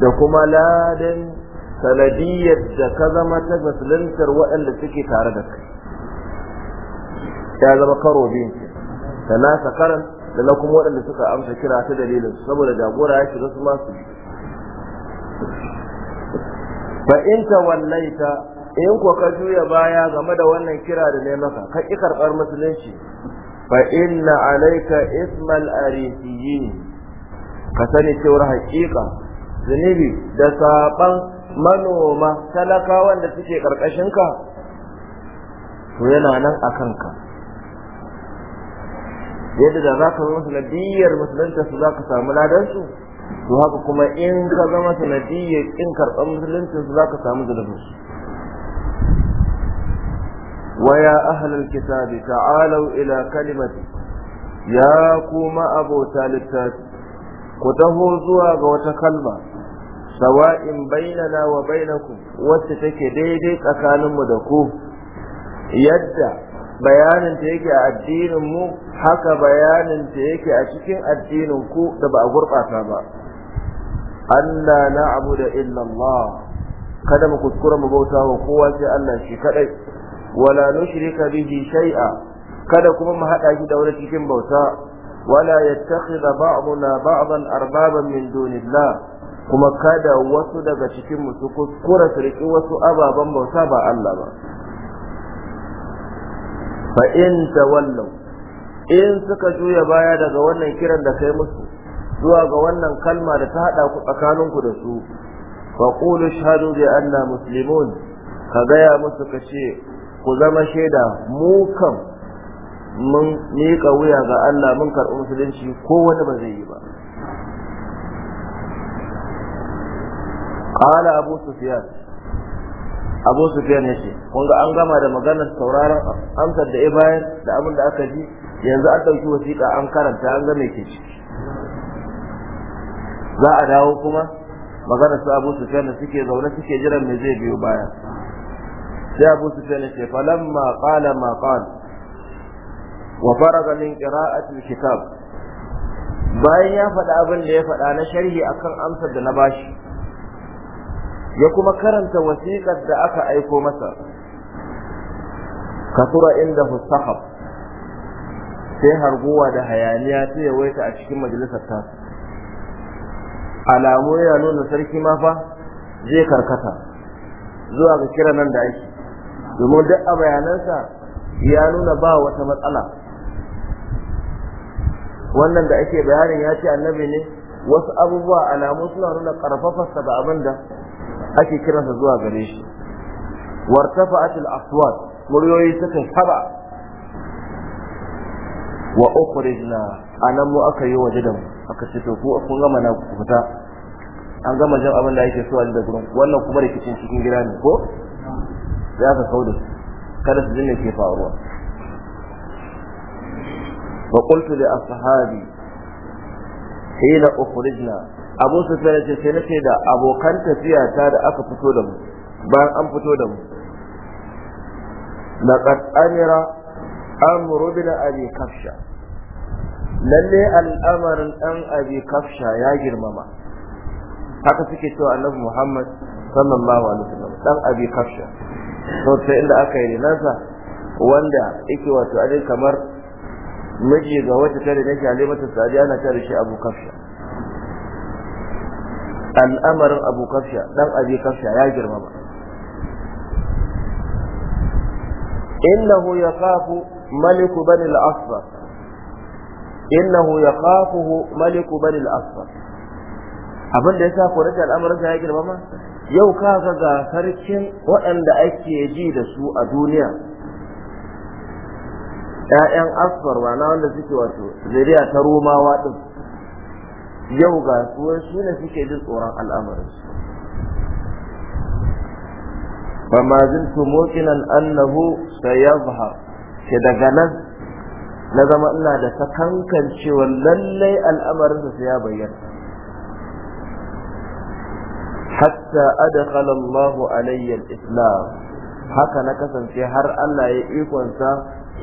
da kuma ladan sanadiyar da ka zama ta musuluntar waɗanda suke tare da kai ya zama karo biyu da nasa karan da na kuma waɗanda suka amsa kira ta dalilin saboda jagora ya shiga su masu fa in wallaita in ko ka juya baya game da wannan kira da nayi maka ka ki karbar musulunci fa inna alayka ismal arifiyin ka sani cewar haƙiƙa zunubi da saban manoma talakawan da suke karkashin ka to yana nan a kanka yadda da za ka zo biyar musulunta su zaka ka samu ladansu to haka kuma in ka zama sanadiyya in karɓar musulunci su za ka samu zulumin su waya ahalar kitabi ta'alau ila kalimati ya kuma abota littafi ku taho zuwa ga wata kalma sawa'in bainana wa bainakum wacce take daidai tsakaninmu da ku yadda bayanin ta yake a addinin mu haka bayanin ta yake a cikin addinin ku da ba a gurɓata ba Allah na abu da illallah kada mu kuskura mu bauta wa kowa sai Allah shi kadai wala nushrika bihi shay'a kada kuma mu hada shi da wani cikin bauta wala yattakhidha ba'duna ba'dan arbaban min dunillah kuma kada wasu daga cikin mu su kuskura su riki wasu ababan bauta ba Allah ba fa in tawallaw in suka juya baya daga wannan kiran da kai musu zuwa ga wannan kalma da ta hada ku tsakaninku da su fa qulu shahadu bi anna muslimun ka gaya musu ka ce ku zama shaida mu kan mun miƙa wuya ga Allah mun karɓi musulunci ko wani ba zai yi ba qala abu sufyan abu sufiyan ce, kun ga an gama da maganar sauraron amsar da ya bayar da abin da aka ji yanzu an ɗauki wasiƙa an karanta an gane ke ciki za a dawo kuma maganar su abu sufiyan da suke zaune suke jiran me zai biyo baya sai abu sufiyan yace falamma qala ma qala wa faraga min qira'ati kitab bayan ya faɗa abin da ya faɗa na sharhi akan amsar da na bashi ya kuma karanta wasiƙar da aka aiko masa kasura inda sahab sai harguwa da hayaniya ta yawaita a cikin majalisar ta alamu ya nuna sarki ma fa zai karkata zuwa ga kira nan da ake domin duk a bayanansa ya nuna ba wata matsala wannan da ake bayanin ya ce annabi ne wasu abubuwa alamu suna nuna karfafarsa ga abin ake kiransa zuwa gare shi wartafa'at al-aswat muryoyi suka saba wa ukhrijna anan mu aka yi waje da mu aka ce to ku kun gama na ku fita an gama jin abin da yake so a da gurin wannan kuma rikicin cikin gida ne ko ya ka kauda kada su jinne ke faruwa wa qultu li ashabi hina ukhrijna abu su ce sai na da abokan tafiya ta da aka fito da mu bayan an fito da mu laqad amira amru bin abi kafsha lalle al'amarin dan abi kafsha ya girmama haka suke cewa annabi muhammad sallallahu alaihi wasallam dan abi kafsha to sai inda aka yi nasa wanda yake wato adai kamar miji ga wata tare da alai alimatu sadiya na tare shi abu kafsha al'amarin abu kafiya, dan abi kafiya ya girmama innahu yaqafu maliku bani al innahu yaqafuhu maliku bani al-asfar abin da ya sa rage al'amarin ya girmama yau ka ga sarkin waɗanda ake ji da su a duniya ƴaƴan asfar na wanda suke wato zuriya ta romawa ɗin yau ga su ne suke jin tsoron al'amarin su. Ba fama zintu muqinan annahu sayazhar ke daga nan na zama ina da sakankan cewa lallai al'amarin su ya bayyana hatta adkhala Allahu alayya al-islam haka na kasance har Allah ya ikonsa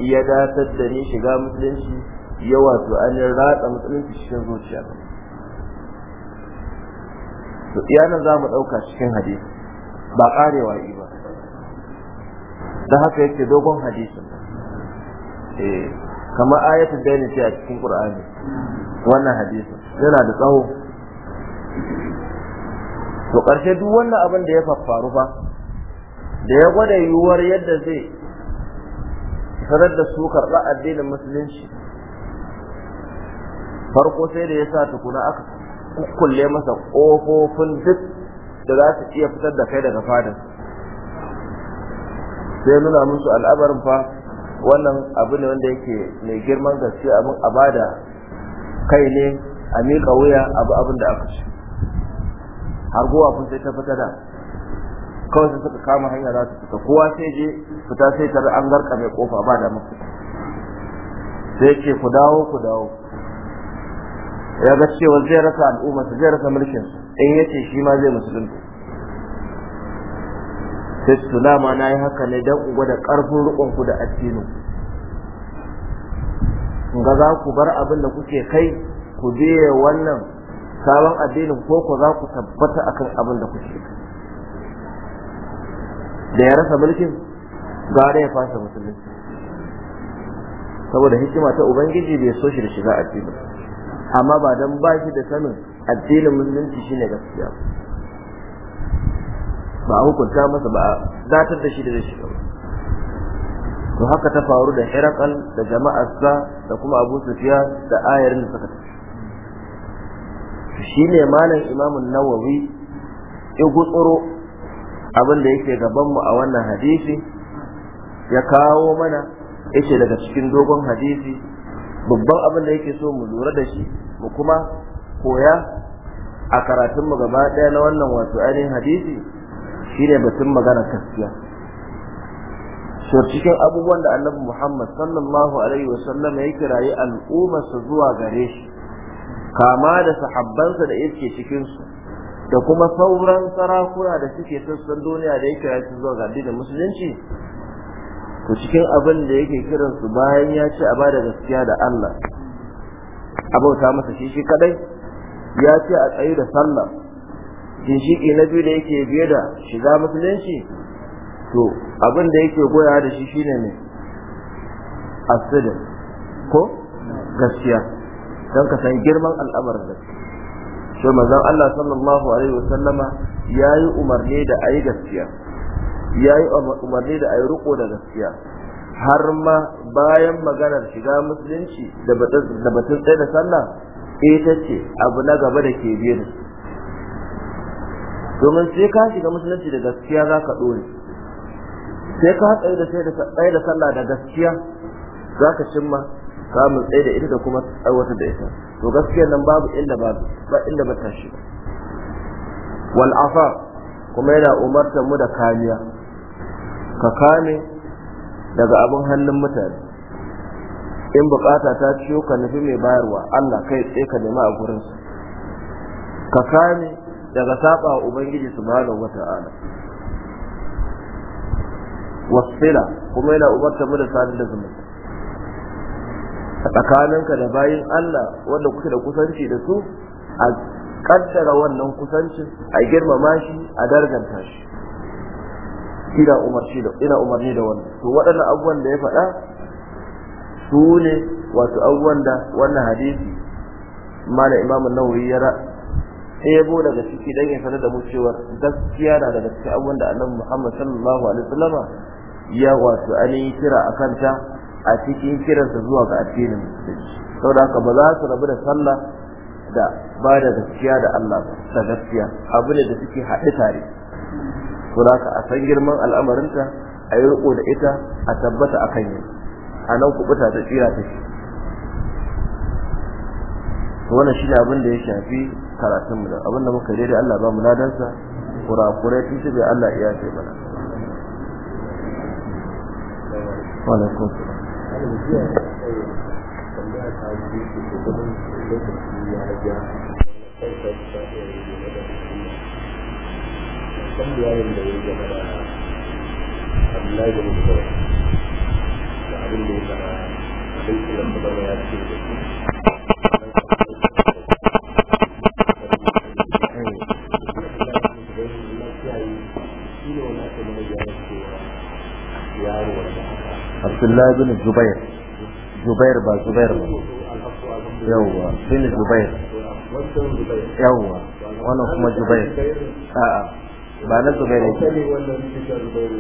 ya datar da ni shiga musulunci ya wato an ratsa musulunci cikin zuciya to iyanan za mu ɗauka cikin hadisi ba ƙarewa yi ba da haka yake dogon hadisin eh kama ayatul da ce a cikin qur'ani wannan hadisin yana da tsawo to ƙarshe duk wannan abin da ya faffaru ba da ya gwada yiwuwar yadda zai sanar da su karɓa addinin musulunci farko sai da ya sa tukuna aka kulle masa ƙofofin duk da za su iya fitar da kai daga fadar sai nuna musu al'abarin fa wannan abu ne wanda yake mai girman gaske abin a bada kai ne a miƙa wuya abu abin da aka ci har gowa kun sai ta fita da kawai sai suka kama hanya za su fita kowa sai je fita sai tare an garka mai kofa ba da mafita sai ce ku dawo ku dawo ya ga cewa zai rasa al'umma zai rasa mulkin in yace shi ma zai musulunta sai su lama na yi haka ne don in gwada ƙarfin riƙonku da addinin in ga za ku bar abin da kuke kai ku biye wannan sabon addinin ko ku za ku tabbata akan abin da kuke da ya rasa mulkin gara ya fasa musulunci saboda hikima ta ubangiji bai so shi da shiga addinin amma ba dan ba shi da sanin addinin musulunci ne gaskiya ba a hukunta masa ba a zatar da shi da zai shiga to haka ta faru da hirakal da jama'ar sa da kuma abu sufiya da ayar da suka tafi shi ne malam imamun nawawi ya gutsuro abin da yake gabanmu a wannan hadisi ya kawo mana yake daga cikin dogon hadisi babban abin da yake so mu lura da shi mu kuma koya a karatun karatunmu gaba ɗaya na wannan wato ainihin hadisi shine batun magana gaskiya so cikin abubuwan da annabi muhammad sallallahu alaihi sallam ya al'umma su zuwa gare shi kama da sahabbansa da yake cikinsu da kuma sauran sarakuna da suke sassan duniya da ya kira su zuwa ga da musulunci to cikin abin da yake kiran su bayan ya ci a bada gaskiya da Allah abauta masa shi shi kadai ya ce a tsaye da sallah ginshiki na biyu da yake biye da shiga musulunci to abin da yake goya da shi shine ne asidin ko gaskiya don ka san girman al'amarin da shi manzon Allah sallallahu alaihi wasallama yayi umarni da ayi gaskiya ya yi umarni da a yi riko da gaskiya har ma bayan maganar shiga musulunci da batun tsaye da sallah ita ce abu na gaba da ke biye da domin sai ka shiga musulunci da gaskiya za ka ɗore sai ka tsaye da tsaye da sallah da gaskiya za ka cimma samun tsaye da ita da kuma aiwatar da ita to gaskiya nan babu inda babu ba inda ba ta shiga wal afa kuma yana umartar mu da kariya ka kame daga abin hannun mutane in bukata ta ciyo ka nufi mai bayarwa Allah kai tsaye ka nema a gurinsa ka kame daga saba wa ubangiji ala, wasu wasila kuma yana umarta mu da sadar da zumunta a tsakaninka da bayin Allah wanda kuke da kusanci da su a kaddara wannan kusancin a girmama shi a darganta shi ina umarci da ina umarni da wannan to waɗannan abubuwan da ya faɗa su ne wato abubuwan da wannan hadisi mana imamu nawawi ya ebo daga ciki dan ya sanar da mu cewa gaskiya na daga cikin abubuwan da annabi Muhammad sallallahu alaihi wasallama ya wato an yi kira a kanta a cikin kiransa zuwa ga addinin musulunci saboda haka ba za su rabu da sallah da ba da gaskiya da Allah da gaskiya abu ne da suke haɗe tare to da a san girman al'amarinta a yi riko da ita a tabbata a kan yi a nan kubuta ta tsira ta shi to wannan shi ne abin da ya shafi karatun mu abin da muka dai, Allah ba mu ladansa kurakurai tun bai Allah iya ce mana Thank eh, you. kan bayanin da ya game da abdullahi da mutuwa da abin da ya fara abin da ya ya ce da Abdullahi bin Zubair Zubair ba Zubair ba yawwa bin Zubair yawwa wannan kuma Zubair a'a ba na zubairu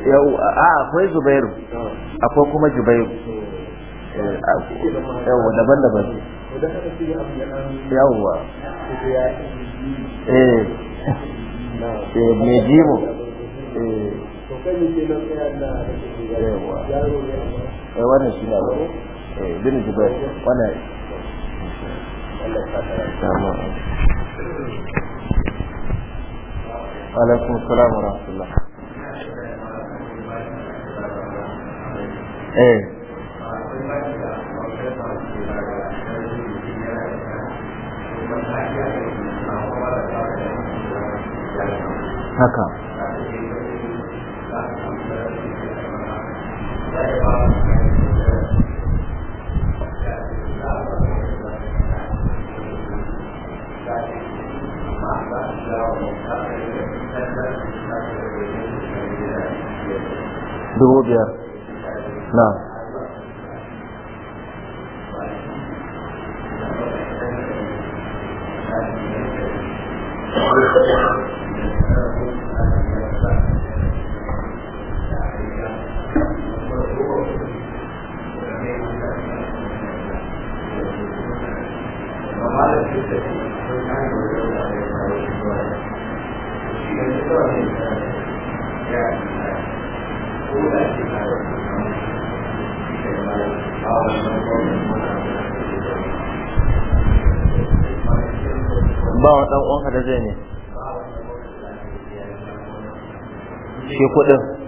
yau a akwai zubairu akwai kuma jubairu yau daban-daban yawwa eh, eh mai jimo eh. eh wannan shi ne abu eh, bin jubair wannan Allah ya alaikum salam wa rahmatullah eh haka dubu biyar na 有获得。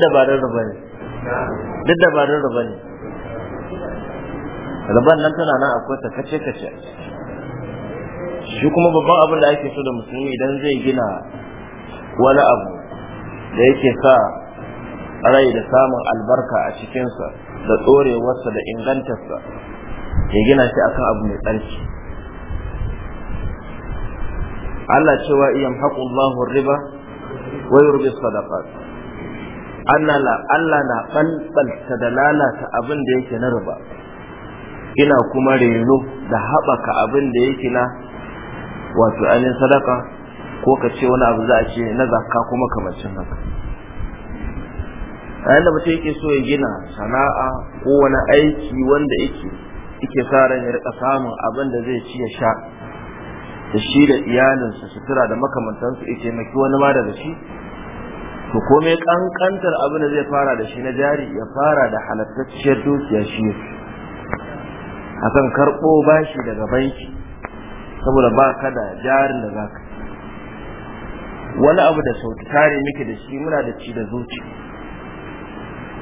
duk da ba ne riban nan tana nan akwai ta kace kace shi kuma babban abin da ake so da musulmi idan zai gina wani abu da yake sa rai da samun albarka a cikinsa da tsorewarsa da ingantarsa ya gina shi akan abu mai tsarki Allah cewa iyan haƙullahu riba wa yurbi sadaqat Allah na ɓalɓalta da lalata abin da yake na ruba, ina kuma reno da haɓaka abin da yake na wato ainihin sadaka ko ka ce wani abu za a ce na zakka kuma kamancin haka A da mutum yake so ya gina sana'a ko wani aiki wanda yake yake sa ran ya rika samun abin da zai ci ya sha da shi da iyalinsa sutura da makamantansu ya taimaki wani ma daga shi to komai kankantar abin da zai fara da shi na jari ya fara da halattacciyar dukiya shi a kan karɓo bashi daga banki saboda ba ka da jarin da za ka wani abu da sauki tare miki da shi muna da ci da zuci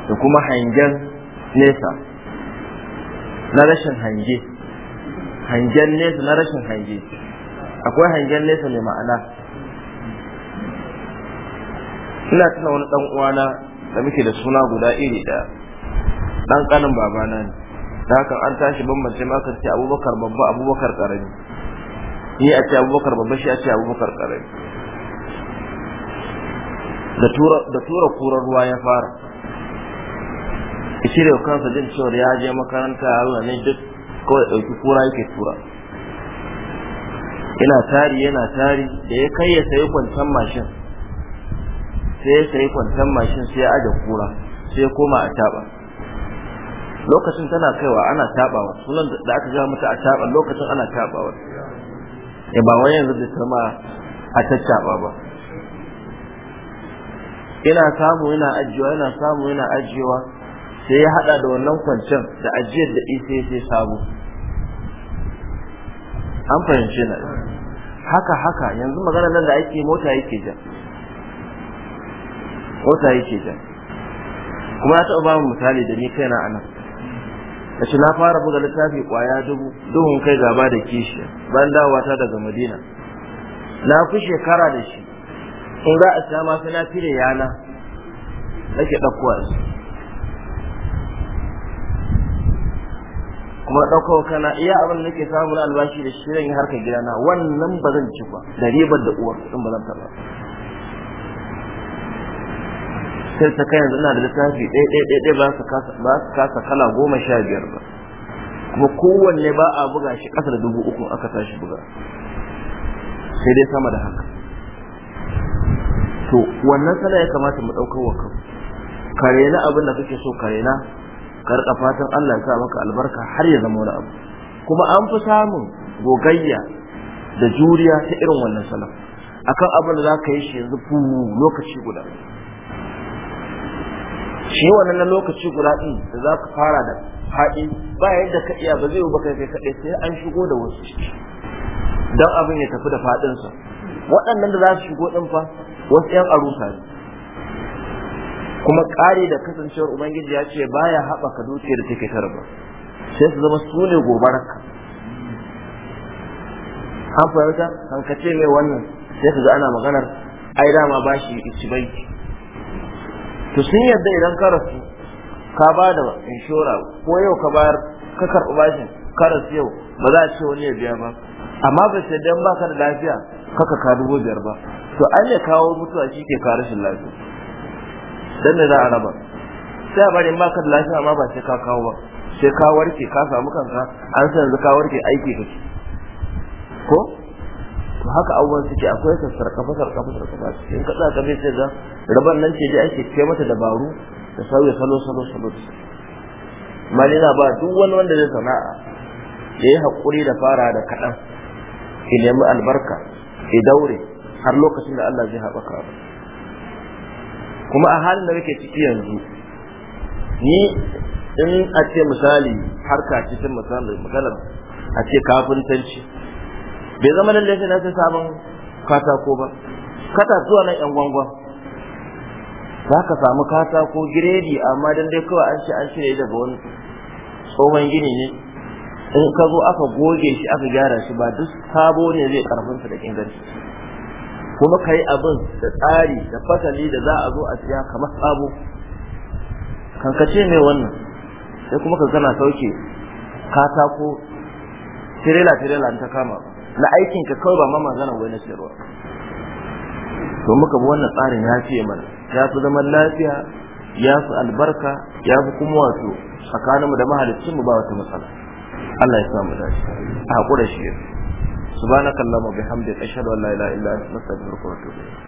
da kuma hangen nesa na rashin hange hangen nesa na rashin hange akwai hangen nesa mai ma'ana ina tuna wani dan uwana da muke da suna guda iri daya dan kanin babana ne da haka an tashi bambance maka ce abubakar babba abubakar karami ni a ce abubakar babba shi a ce abubakar karami da tura da tura kurar ruwa ya fara shi da kansa jin cewa ya je makaranta Allah ne duk kawai dauki kura yake tura Ina tari yana tari da ya kai ya sayi kwancan mashin sai sai kwantan mashin sai ya aje kura sai ya koma a taba lokacin tana kaiwa ana tabawa sunan da aka ga mata a taba lokacin ana tabawa eh ba wai yanzu da sama a tattaba ba ina samu ina ajiyewa ina samu ina ajiyewa sai ya hada da wannan kwancen da ajiyar da isa sai samu an fahimci na haka haka yanzu magana nan da ake mota yake ja wata yake ta kuma ya taɓa bamu misali da ni kaina a nan a ce na fara buga littafi kwaya dubu duhun kai gaba da kishi bayan dawowa ta daga madina na fi shekara da shi in za a sha masu na da yana nake ɗaukowa su kuma ɗaukowa kana iya abin da nake samu na albashi da shirin harkar gidana wannan ba zan ci ba da ribar da uwar in ba zan taɓa sai ta kai yanzu ina da littafi ɗaya ɗaya ɗaya ba su kasa kala goma sha biyar ba kuma kowanne ba a buga shi ƙasa da dubu uku aka tashi buga sai dai sama da haka to wannan sana ya kamata mu ɗaukar wa kan kare na abin da kake so kare na karka fatan Allah ya sa maka albarka har ya zama wani abu kuma an fi samun gogayya da juriya ta irin wannan salaf akan abin da za ka yi shi yanzu fuhu lokaci guda shi wannan na lokaci guda din da za ka fara da haɗi, ba yadda ka iya ba zai yi baka kai kaɗai sai an shigo da wasu don abin ya tafi da faɗinsa waɗannan da za su shigo ɗin fa wasu 'yan arusa ne kuma ƙare da kasancewar ubangiji ya ce baya haɓaka dukiyar take tarba sai su zama su ne gobararka an fahimta hankace mai wannan sai su ga ana maganar ai dama ba shi ici banki to sun yadda idan ka rasu ka ba da inshora ko yau ka bayar ka karɓi bashin ka yau ba za a ce wani ya biya ba amma ba sai dan baka da lafiya kaka ka dubo biyar ba to an ya kawo mutuwa shi ke ka rashin lafiya dan da za a raba sai a bari baka da lafiya amma ba sai ka kawo ba sai ka warke ka samu kanka an san yanzu ka warke aiki ka ko to haka abubuwan suke akwai sassarkafa sarkafa sarkafa in ka tsaka bai sai ga rabar nan ce dai ake kai mata dabaru da sauya salo salo salo mali na ba duk wani wanda zai sana'a ya yi haƙuri da fara da kaɗan ya nemi albarka ya daure har lokacin da Allah zai haɓaka ba kuma a halin da muke ciki yanzu ni in a ce misali harka cikin misali maganar a ce kafintanci bai zama lalle sai na san sabon katako ba kata zuwa na yan gwangwan za ka samu katako giredi amma dan dai kawai an ce an shirya daga wani tsohon gini ne in ka zo aka goge shi aka gyara shi ba duk sabo ne zai sa da inganci kuma ka yi abin da tsari da fasali da za a zo a siya kamar sabo kankace mai wannan sai kuma ka gana sauke katako tirela tirela ta kama ba na aikin ka kawai ba ma magana wai na sayarwa to muka bi wannan tsarin ya fiye mana ya fi zaman lafiya ya fi albarka ya fi kuma wato tsakaninmu da mahalicin mu ba wata matsala Allah ya samu dace a hakura shi subhanakallahumma bihamdika ashhadu an la ilaha illa anta astaghfiruka wa atubu ilayk